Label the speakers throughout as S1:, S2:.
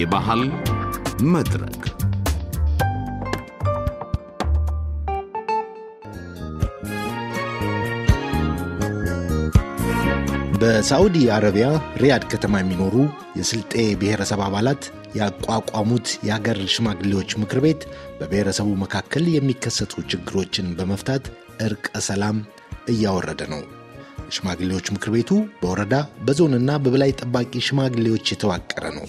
S1: የባህል
S2: መድረክ በሳዑዲ አረቢያ ሪያድ ከተማ የሚኖሩ የስልጤ ብሔረሰብ አባላት ያቋቋሙት የአገር ሽማግሌዎች ምክር ቤት በብሔረሰቡ መካከል የሚከሰቱ ችግሮችን በመፍታት እርቀ ሰላም እያወረደ ነው። ሽማግሌዎች ምክር ቤቱ በወረዳ በዞንና በበላይ ጠባቂ ሽማግሌዎች የተዋቀረ ነው።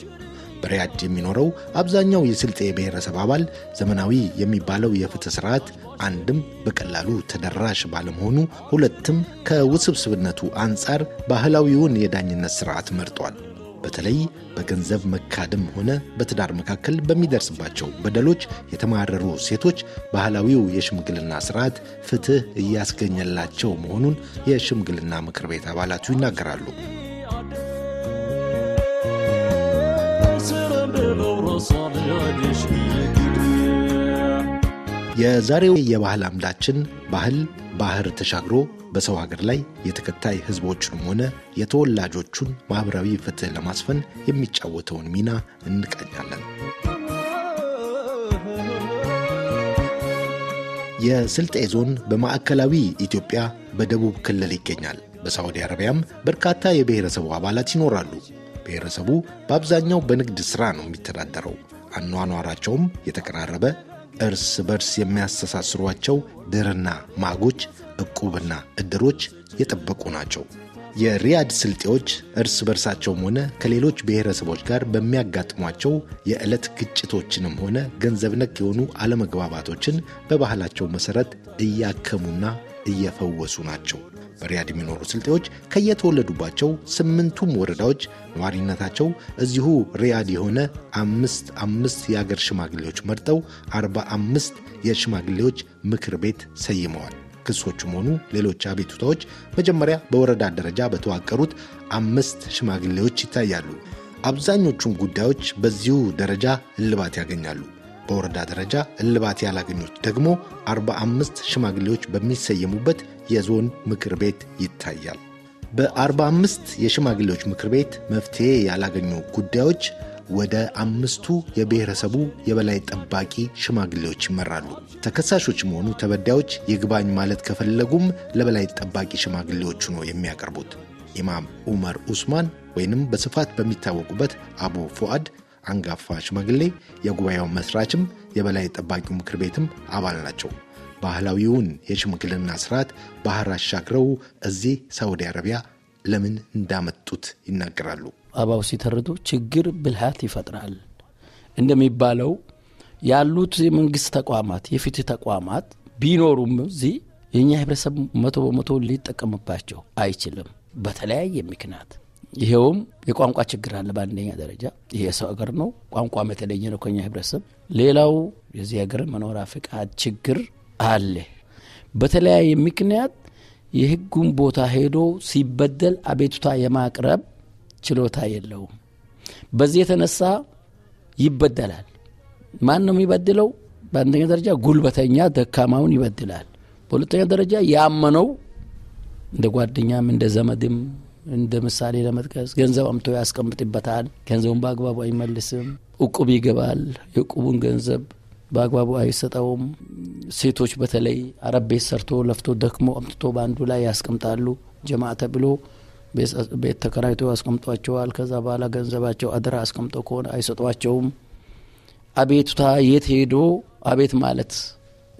S2: በሪያድ የሚኖረው አብዛኛው የስልጤ ብሔረሰብ አባል ዘመናዊ የሚባለው የፍትህ ስርዓት አንድም በቀላሉ ተደራሽ ባለመሆኑ፣ ሁለትም ከውስብስብነቱ አንጻር ባህላዊውን የዳኝነት ስርዓት መርጧል። በተለይ በገንዘብ መካድም ሆነ በትዳር መካከል በሚደርስባቸው በደሎች የተማረሩ ሴቶች ባህላዊው የሽምግልና ስርዓት ፍትህ እያስገኘላቸው መሆኑን የሽምግልና ምክር ቤት አባላቱ ይናገራሉ። የዛሬው የባህል አምዳችን ባህል ባህር ተሻግሮ በሰው ሀገር ላይ የተከታይ ህዝቦችንም ሆነ የተወላጆቹን ማኅበራዊ ፍትህ ለማስፈን የሚጫወተውን ሚና እንቀኛለን የስልጤ ዞን በማዕከላዊ ኢትዮጵያ በደቡብ ክልል ይገኛል። በሳዑዲ አረቢያም በርካታ የብሔረሰቡ አባላት ይኖራሉ። ብሔረሰቡ በአብዛኛው በንግድ ሥራ ነው የሚተዳደረው። አኗኗራቸውም የተቀራረበ እርስ በርስ የሚያስተሳስሯቸው ድርና ማጎች፣ እቁብና እድሮች የጠበቁ ናቸው። የሪያድ ስልጤዎች እርስ በርሳቸውም ሆነ ከሌሎች ብሔረሰቦች ጋር በሚያጋጥሟቸው የዕለት ግጭቶችንም ሆነ ገንዘብ ነክ የሆኑ አለመግባባቶችን በባህላቸው መሠረት እያከሙና እየፈወሱ ናቸው። በሪያድ የሚኖሩ ስልጤዎች ከየተወለዱባቸው ስምንቱም ወረዳዎች ነዋሪነታቸው እዚሁ ሪያድ የሆነ አምስት አምስት የአገር ሽማግሌዎች መርጠው አርባ አምስት የሽማግሌዎች ምክር ቤት ሰይመዋል። ክሶቹም ሆኑ ሌሎች አቤቱታዎች መጀመሪያ በወረዳ ደረጃ በተዋቀሩት አምስት ሽማግሌዎች ይታያሉ። አብዛኞቹም ጉዳዮች በዚሁ ደረጃ እልባት ያገኛሉ። በወረዳ ደረጃ እልባት ያላገኙት ደግሞ 45 ሽማግሌዎች በሚሰየሙበት የዞን ምክር ቤት ይታያል። በ45 የሽማግሌዎች ምክር ቤት መፍትሄ ያላገኙ ጉዳዮች ወደ አምስቱ የብሔረሰቡ የበላይ ጠባቂ ሽማግሌዎች ይመራሉ። ተከሳሾች መሆኑ ተበዳዮች ይግባኝ ማለት ከፈለጉም ለበላይ ጠባቂ ሽማግሌዎቹ ነው የሚያቀርቡት። ኢማም ዑመር ኡስማን ወይንም በስፋት በሚታወቁበት አቡ ፉአድ አንጋፋ ሽማግሌ የጉባኤው መስራችም የበላይ ጠባቂው ምክር ቤትም አባል ናቸው። ባህላዊውን የሽምግልና ስርዓት ባህር አሻግረው እዚህ ሳዑዲ አረቢያ ለምን እንዳመጡት ይናገራሉ። አባው ሲተርቱ ችግር ብልሃት ይፈጥራል እንደሚባለው
S1: ያሉት የመንግስት ተቋማት የፍትህ ተቋማት ቢኖሩም እዚህ የእኛ ህብረተሰብ መቶ በመቶ ሊጠቀምባቸው አይችልም፣ በተለያየ ምክንያት። ይሄውም የቋንቋ ችግር አለ። በአንደኛ ደረጃ ይሄ የሰው ሀገር ነው፣ ቋንቋም የተለየ ነው ከኛ ህብረተሰብ። ሌላው የዚህ ሀገር መኖሪያ ፍቃድ ችግር አለ። በተለያየ ምክንያት የህጉን ቦታ ሄዶ ሲበደል አቤቱታ የማቅረብ ችሎታ የለውም። በዚህ የተነሳ ይበደላል። ማን ነው የሚበድለው? በአንደኛ ደረጃ ጉልበተኛ ደካማውን ይበድላል። በሁለተኛ ደረጃ ያመነው እንደ ጓደኛም እንደ ዘመድም እንደ ምሳሌ ለመጥቀስ ገንዘብ አምቶ ያስቀምጥበታል። ገንዘቡን በአግባቡ አይመልስም። እቁብ ይገባል። የእቁቡን ገንዘብ በአግባቡ አይሰጠውም። ሴቶች በተለይ አረብ ቤት ሰርቶ ለፍቶ ደክሞ አምጥቶ በአንዱ ላይ ያስቀምጣሉ። ጀማ ተብሎ ቤት ተከራይቶ አስቀምጧቸዋል። ከዛ በኋላ ገንዘባቸው አደራ አስቀምጦ ከሆነ አይሰጧቸውም። አቤቱታ የት ሄዶ አቤት ማለት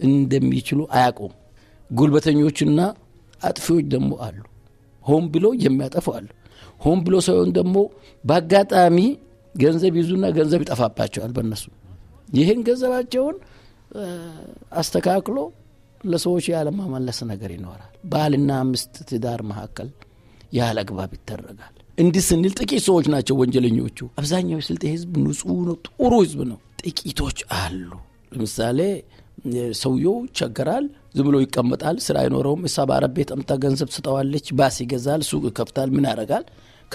S1: እንደሚችሉ አያውቁም። ጉልበተኞችና አጥፊዎች ደግሞ አሉ። ሆን ብሎ የሚያጠፉ አሉ። ሆን ብሎ ሳይሆን ደግሞ በአጋጣሚ ገንዘብ ይዙና ገንዘብ ይጠፋባቸዋል በነሱ? ይህን ገንዘባቸውን አስተካክሎ ለሰዎች ያለማመለስ ነገር ይኖራል። ባልና ምስት ትዳር መካከል ያለ አግባብ ይደረጋል። እንዲህ ስንል ጥቂት ሰዎች ናቸው ወንጀለኞቹ። አብዛኛው የስልጤ ህዝብ ንጹህ ነው፣ ጥሩ ህዝብ ነው። ጥቂቶች አሉ። ለምሳሌ ሰውየው ይቸገራል፣ ዝም ብሎ ይቀመጣል፣ ስራ አይኖረውም። እሳ በአረብ ቤት አምጥታ ገንዘብ ስጠዋለች፣ ባስ ይገዛል፣ ሱቅ ይከፍታል፣ ምን ያደረጋል?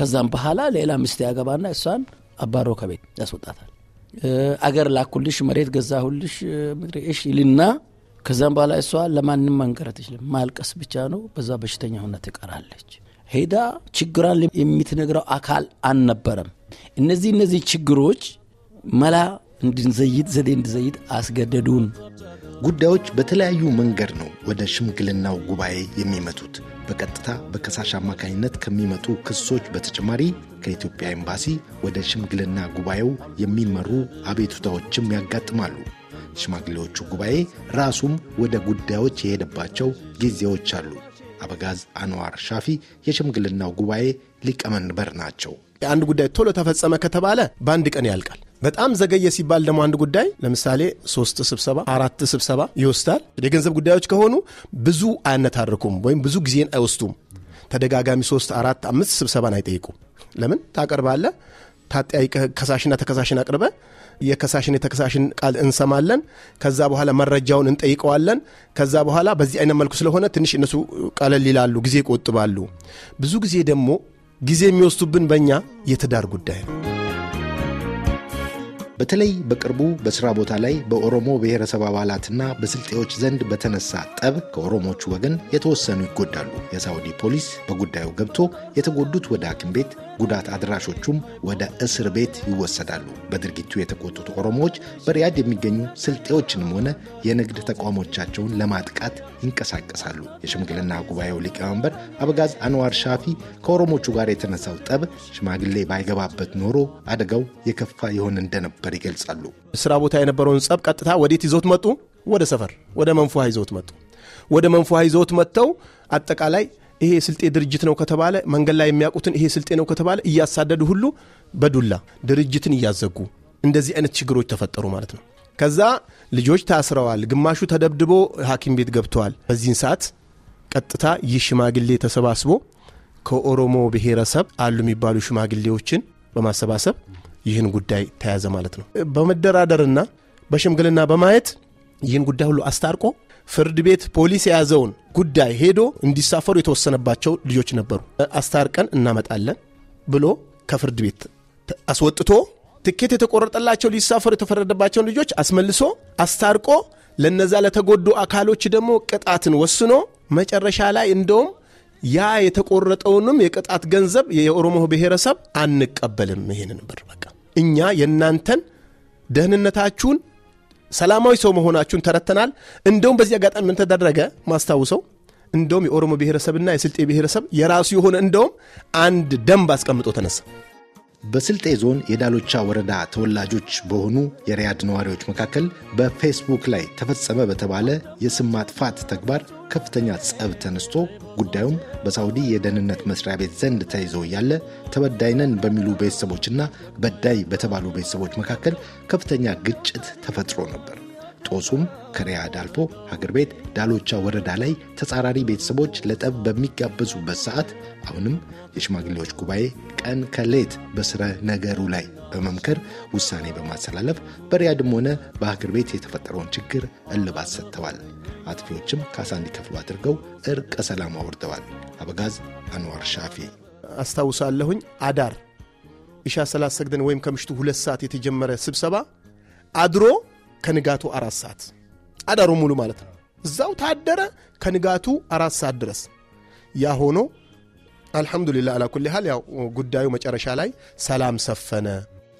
S1: ከዛም በኋላ ሌላ ምስት ያገባና እሷን አባሮ ከቤት ያስወጣታል። አገር ላኩልሽ፣ መሬት ገዛሁልሽ፣ እሽ ይልና ከዛም በኋላ እሷ ለማንም መንገር አትችልም። ማልቀስ ብቻ ነው። በዛ በሽተኛ ሆና ትቀራለች። ሄዳ ችግራን የምትነግረው አካል አልነበረም። እነዚህ እነዚህ ችግሮች መላ እንድንዘይድ
S2: ዘዴ እንድዘይድ አስገደዱን። ጉዳዮች በተለያዩ መንገድ ነው ወደ ሽምግልናው ጉባኤ የሚመጡት። በቀጥታ በከሳሽ አማካኝነት ከሚመጡ ክሶች በተጨማሪ ከኢትዮጵያ ኤምባሲ ወደ ሽምግልና ጉባኤው የሚመሩ አቤቱታዎችም ያጋጥማሉ። ሽማግሌዎቹ ጉባኤ ራሱም ወደ ጉዳዮች የሄደባቸው
S3: ጊዜዎች አሉ። አበጋዝ አንዋር ሻፊ የሽምግልናው ጉባኤ ሊቀመንበር ናቸው። አንድ ጉዳይ ቶሎ ተፈጸመ ከተባለ በአንድ ቀን ያልቃል። በጣም ዘገየ ሲባል ደግሞ አንድ ጉዳይ ለምሳሌ ሶስት ስብሰባ አራት ስብሰባ ይወስዳል። የገንዘብ ጉዳዮች ከሆኑ ብዙ አያነታርኩም ወይም ብዙ ጊዜን አይወስዱም። ተደጋጋሚ ሶስት አራት አምስት ስብሰባን አይጠይቁም። ለምን ታቀርባለ ታጠያይቀ ከሳሽና ተከሳሽን አቅርበ የከሳሽን የተከሳሽን ቃል እንሰማለን። ከዛ በኋላ መረጃውን እንጠይቀዋለን። ከዛ በኋላ በዚህ አይነት መልኩ ስለሆነ ትንሽ እነሱ ቀለል ይላሉ፣ ጊዜ ይቆጥባሉ። ብዙ ጊዜ ደግሞ ጊዜ የሚወስዱብን በእኛ የትዳር ጉዳይ ነው። በተለይ በቅርቡ
S2: በስራ ቦታ ላይ በኦሮሞ ብሔረሰብ አባላትና በስልጤዎች ዘንድ በተነሳ ጠብ ከኦሮሞቹ ወገን የተወሰኑ ይጎዳሉ። የሳውዲ ፖሊስ በጉዳዩ ገብቶ የተጎዱት ወደ ሐኪም ቤት ጉዳት አድራሾቹም ወደ እስር ቤት ይወሰዳሉ። በድርጊቱ የተቆጡት ኦሮሞዎች በሪያድ የሚገኙ ስልጤዎችንም ሆነ የንግድ ተቋሞቻቸውን ለማጥቃት ይንቀሳቀሳሉ። የሽምግልና ጉባኤው ሊቀመንበር አበጋዝ አንዋር ሻፊ ከኦሮሞቹ ጋር የተነሳው ጠብ ሽማግሌ ባይገባበት ኖሮ አደጋው የከፋ ይሆን እንደነበር ይገልጻሉ።
S3: ስራ ቦታ የነበረውን ጸብ ቀጥታ ወዴት ይዞት መጡ? ወደ ሰፈር ወደ መንፉሃ ይዞት መጡ። ወደ መንፉሃ ይዞት መጥተው አጠቃላይ ይሄ ስልጤ ድርጅት ነው ከተባለ መንገድ ላይ የሚያውቁትን ይሄ ስልጤ ነው ከተባለ እያሳደዱ ሁሉ በዱላ ድርጅትን እያዘጉ እንደዚህ አይነት ችግሮች ተፈጠሩ ማለት ነው። ከዛ ልጆች ታስረዋል፣ ግማሹ ተደብድቦ ሐኪም ቤት ገብተዋል። በዚህን ሰዓት ቀጥታ ይህ ሽማግሌ ተሰባስቦ ከኦሮሞ ብሔረሰብ አሉ የሚባሉ ሽማግሌዎችን በማሰባሰብ ይህን ጉዳይ ተያዘ ማለት ነው። በመደራደርና በሽምግልና በማየት ይህን ጉዳይ ሁሉ አስታርቆ ፍርድ ቤት ፖሊስ የያዘውን ጉዳይ ሄዶ እንዲሳፈሩ የተወሰነባቸው ልጆች ነበሩ። አስታርቀን እናመጣለን ብሎ ከፍርድ ቤት አስወጥቶ ትኬት የተቆረጠላቸው ሊሳፈሩ የተፈረደባቸውን ልጆች አስመልሶ አስታርቆ ለነዛ ለተጎዱ አካሎች ደግሞ ቅጣትን ወስኖ መጨረሻ ላይ እንደውም ያ የተቆረጠውንም የቅጣት ገንዘብ የኦሮሞ ብሔረሰብ አንቀበልም፣ ይሄንን ብር በቃ እኛ የእናንተን ደህንነታችሁን ሰላማዊ ሰው መሆናችሁን ተረተናል። እንደውም በዚህ አጋጣሚ ምን ተደረገ ማስታውሰው እንደውም የኦሮሞ ብሔረሰብና የስልጤ ብሔረሰብ የራሱ የሆነ እንደውም አንድ ደንብ አስቀምጦ ተነሳ። በስልጤ ዞን የዳሎቻ ወረዳ ተወላጆች በሆኑ የሪያድ
S2: ነዋሪዎች መካከል በፌስቡክ ላይ ተፈጸመ በተባለ የስም ማጥፋት ተግባር ከፍተኛ ጸብ ተነስቶ ጉዳዩም በሳውዲ የደህንነት መስሪያ ቤት ዘንድ ተይዞ እያለ ተበዳይነን በሚሉ ቤተሰቦችና በዳይ በተባሉ ቤተሰቦች መካከል ከፍተኛ ግጭት ተፈጥሮ ነበር። ጦሱም ከሪያድ አልፎ ሀገር ቤት ዳሎቻ ወረዳ ላይ ተጻራሪ ቤተሰቦች ለጠብ በሚጋበዙበት ሰዓት አሁንም የሽማግሌዎች ጉባኤ ቀን ከሌት በስረ ነገሩ ላይ በመምከር ውሳኔ በማስተላለፍ በሪያድም ሆነ በሀገር ቤት የተፈጠረውን ችግር እልባት ሰጥተዋል። አጥፊዎችም ካሳ እንዲከፍሉ አድርገው እርቀ ሰላም አውርደዋል። አበጋዝ አንዋር ሻፊ
S3: አስታውሳለሁኝ። አዳር እሻ ሰላት ሰግደን ወይም ከምሽቱ ሁለት ሰዓት የተጀመረ ስብሰባ አድሮ ከንጋቱ አራት ሰዓት አዳሩ ሙሉ ማለት ነው። እዛው ታደረ ከንጋቱ አራት ሰዓት ድረስ ያ ሆኖ አልሐምዱሊላ አላ ኩል ያህል ያው ጉዳዩ መጨረሻ ላይ ሰላም ሰፈነ።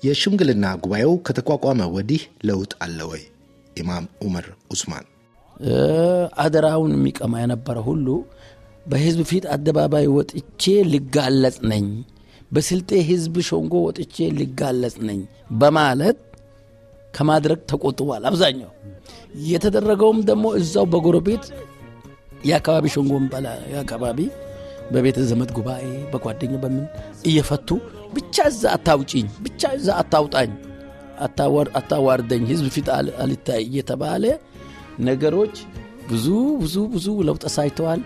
S3: የሽምግልና ጉባኤው ከተቋቋመ ወዲህ ለውጥ
S2: አለ ወይ? ኢማም ዑመር ኡስማን አደራውን የሚቀማ የነበረ
S1: ሁሉ በህዝብ ፊት አደባባይ ወጥቼ ልጋለጽ ነኝ፣ በስልጤ ህዝብ ሸንጎ ወጥቼ ልጋለጽ ነኝ በማለት ከማድረግ ተቆጥቧል። አብዛኛው የተደረገውም ደግሞ እዛው በጎረቤት የአካባቢ ሸንጎን የሚባል የአካባቢ በቤተ ዘመድ ጉባኤ በጓደኛ በምን እየፈቱ ብቻ እዛ አታውጪኝ፣ ብቻ እዛ አታውጣኝ፣ አታዋርደኝ፣ ህዝብ ፊት አልታይ እየተባለ ነገሮች ብዙ ብዙ ብዙ ለውጥ አሳይተዋል።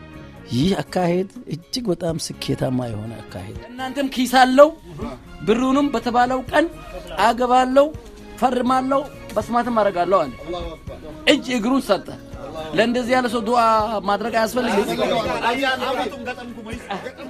S1: ይህ አካሄድ እጅግ በጣም ስኬታማ የሆነ አካሄድ እናንተም ኪስ አለው ብሩንም በተባለው ቀን አገባለው ፈርማለሁ በስማትም አደርጋለሁ አለ። እጅ እግሩን ሰጠ። ለእንደዚህ ያለ ሰው ዱዓ ማድረግ አያስፈልግም።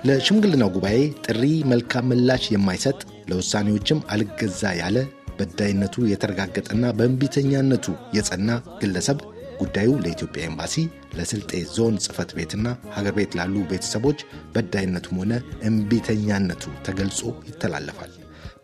S2: ለሽምግልና ጉባኤ ጥሪ መልካም ምላሽ የማይሰጥ ለውሳኔዎችም አልገዛ ያለ በዳይነቱ የተረጋገጠና በእንቢተኛነቱ የጸና ግለሰብ ጉዳዩ ለኢትዮጵያ ኤምባሲ ለስልጤ ዞን ጽህፈት ቤትና ሀገር ቤት ላሉ ቤተሰቦች በዳይነቱም ሆነ እምቢተኛነቱ ተገልጾ ይተላለፋል።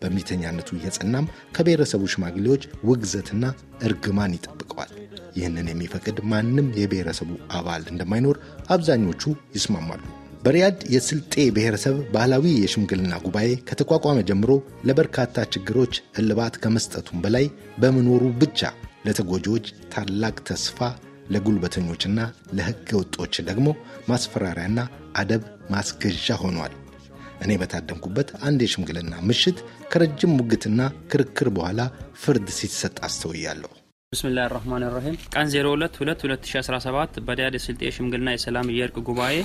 S2: በእምቢተኛነቱ እየጸናም ከብሔረሰቡ ሽማግሌዎች ውግዘትና እርግማን ይጠብቀዋል። ይህንን የሚፈቅድ ማንም የብሔረሰቡ አባል እንደማይኖር አብዛኞቹ ይስማማሉ። በሪያድ የስልጤ ብሔረሰብ ባህላዊ የሽምግልና ጉባኤ ከተቋቋመ ጀምሮ ለበርካታ ችግሮች እልባት ከመስጠቱም በላይ በመኖሩ ብቻ ለተጎጂዎች ታላቅ ተስፋ፣ ለጉልበተኞችና ለሕገ ወጦች ደግሞ ማስፈራሪያና አደብ ማስገዣ ሆኗል። እኔ በታደምኩበት አንድ የሽምግልና ምሽት ከረጅም ሙግትና ክርክር በኋላ ፍርድ ሲሰጥ አስተውያለሁ። ብስምላህ ራህማን ራሂም
S1: ቀን 02 2017 ስልጤ ሽምግልና የሰላም የእርቅ ጉባኤ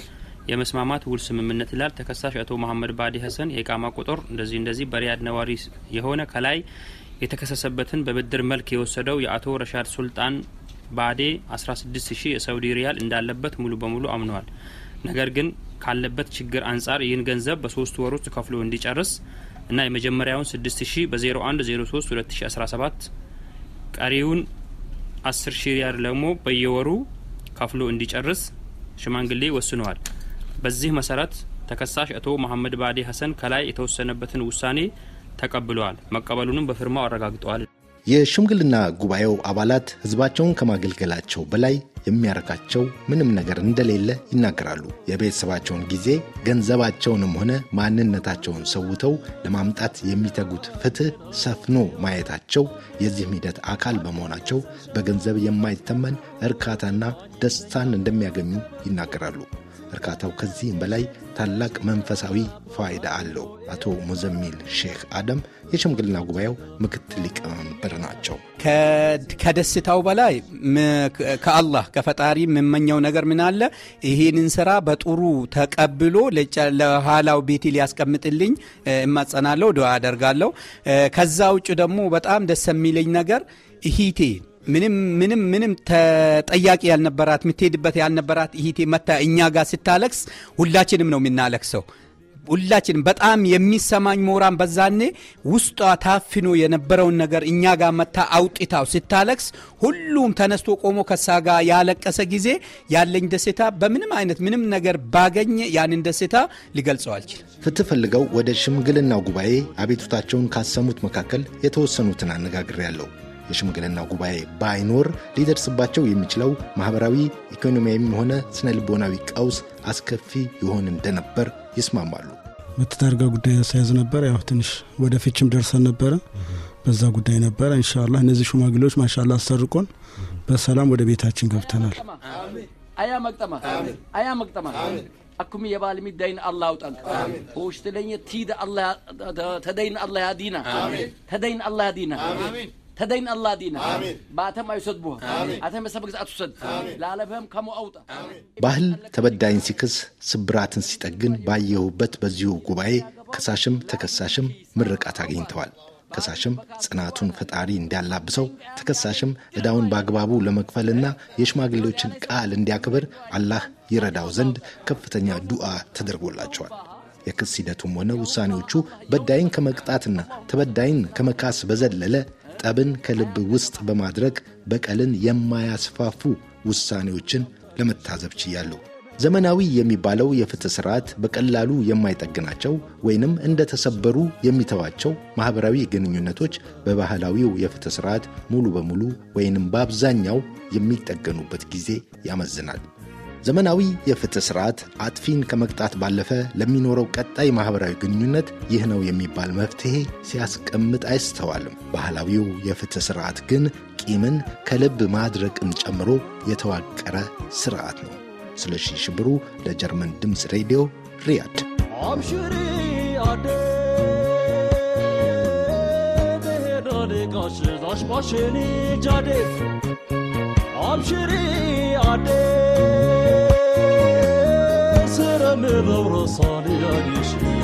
S1: የመስማማት ውል ስምምነት ይላል። ተከሳሽ አቶ መሀመድ ባዲ ሀሰን የቃማ ቁጥር እንደዚህ እንደዚህ በሪያድ ነዋሪ የሆነ ከላይ የተከሰሰበትን በብድር መልክ የወሰደው የአቶ ረሻድ ሱልጣን ባዴ 16000 የሳውዲ ሪያል እንዳለበት ሙሉ በሙሉ አምነዋል። ነገር ግን ካለበት ችግር አንጻር ይህን ገንዘብ በሶስት ወር ውስጥ ከፍሎ እንዲጨርስ እና የመጀመሪያውን 6000 በ01 2017 ቀሪውን 10 ሺህ ሪያል ደግሞ በየወሩ ከፍሎ እንዲጨርስ ሽማግሌ ወስነዋል። በዚህ መሰረት ተከሳሽ አቶ መሐመድ ባዴ ሀሰን ከላይ የተወሰነበትን ውሳኔ ተቀብለዋል። መቀበሉንም በፊርማው አረጋግጠዋል።
S2: የሽምግልና ጉባኤው አባላት ህዝባቸውን ከማገልገላቸው በላይ የሚያረካቸው ምንም ነገር እንደሌለ ይናገራሉ። የቤተሰባቸውን ጊዜ፣ ገንዘባቸውንም ሆነ ማንነታቸውን ሰውተው ለማምጣት የሚተጉት ፍትህ ሰፍኖ ማየታቸው የዚህም ሂደት አካል በመሆናቸው በገንዘብ የማይተመን እርካታና ደስታን እንደሚያገኙ ይናገራሉ። እርካታው ከዚህም በላይ ታላቅ መንፈሳዊ ፋይዳ አለው። አቶ ሙዘሚል ሼክ አደም የሽምግልና ጉባኤው ምክትል ሊቀመንበር ናቸው።
S1: ከደስታው በላይ ከአላህ ከፈጣሪ የምመኘው ነገር ምን አለ? ይህንን ስራ በጥሩ ተቀብሎ ለኋላው ቤቴ ሊያስቀምጥልኝ እማጸናለሁ፣ ዱዓ አደርጋለሁ። ከዛ ውጭ ደግሞ በጣም ደስ የሚለኝ ነገር እሂቴ ምንም ምንም ምንም ተጠያቂ ያልነበራት የምትሄድበት ያልነበራት እህቴ መታ እኛ ጋር ስታለቅስ ሁላችንም ነው የምናለቅሰው። ሁላችንም በጣም የሚሰማኝ ሞራን በዛኔ ውስጧ ታፍኖ የነበረውን ነገር እኛ ጋር መታ አውጥታው ስታለቅስ ሁሉም ተነስቶ ቆሞ ከሳ ጋር ያለቀሰ ጊዜ ያለኝ ደስታ በምንም አይነት ምንም ነገር ባገኘ ያንን ደስታ ሊገልጸው አልችል።
S2: ፍትህ ፈልገው ወደ ሽምግልና ጉባኤ አቤቱታቸውን ካሰሙት መካከል የተወሰኑትን ያለው። የሽምግልና ጉባኤ ባይኖር ሊደርስባቸው የሚችለው ማህበራዊ፣ ኢኮኖሚያዊም ሆነ ስነ ልቦናዊ ቀውስ አስከፊ ይሆን እንደነበር ይስማማሉ።
S3: መተዳደሪያ ጉዳይ ያሳያዝ ነበር። ያው ትንሽ ወደፊችም ደርሰን ነበረ። በዛ ጉዳይ ነበረ። እንሻላ እነዚህ ሽማግሌዎች ማሻላ አስተርቆን በሰላም ወደ ቤታችን ገብተናል።
S1: አያ መቅጠማ አያ መቅጠማ አኩም የባል ሚዳይን አላ በውሽት ለኝ ቲድ ተደይን አላ ያዲና ተደይን አላ ያዲና تدين الله دينا بعتم አይሰድቡ አተም የሰበ ግዛት ውሰድ ለዓለምም ከሞ አውጣ
S2: ባህል ተበዳይን ሲክስ ስብራትን ሲጠግን ባየሁበት በዚሁ ጉባኤ ከሳሽም ተከሳሽም ምርቃት አግኝተዋል። ከሳሽም ጽናቱን ፈጣሪ እንዲያላብሰው ተከሳሽም እዳውን በአግባቡ ለመክፈልና የሽማግሌዎችን ቃል እንዲያከብር አላህ ይረዳው ዘንድ ከፍተኛ ዱዓ ተደርጎላቸዋል። የክስ ሂደቱም ሆነ ውሳኔዎቹ በዳይን ከመቅጣትና ተበዳይን ከመካስ በዘለለ ጠብን ከልብ ውስጥ በማድረግ በቀልን የማያስፋፉ ውሳኔዎችን ለመታዘብ ችያለሁ። ዘመናዊ የሚባለው የፍትህ ስርዓት በቀላሉ የማይጠግናቸው ወይንም እንደተሰበሩ የሚተዋቸው ማኅበራዊ ግንኙነቶች በባህላዊው የፍትህ ስርዓት ሙሉ በሙሉ ወይንም በአብዛኛው የሚጠገኑበት ጊዜ ያመዝናል። ዘመናዊ የፍትህ ስርዓት አጥፊን ከመቅጣት ባለፈ ለሚኖረው ቀጣይ ማኅበራዊ ግንኙነት ይህ ነው የሚባል መፍትሔ ሲያስቀምጥ አይስተዋልም። ባህላዊው የፍትህ ስርዓት ግን ቂምን ከልብ ማድረቅን ጨምሮ የተዋቀረ ስርዓት ነው። ስለሺ ሽብሩ ለጀርመን ድምፅ ሬዲዮ ሪያድ
S3: አብሽሪ አደ
S1: ሄዳዴ ጃዴ አብሽሪ አዴ مذور صانع نشيد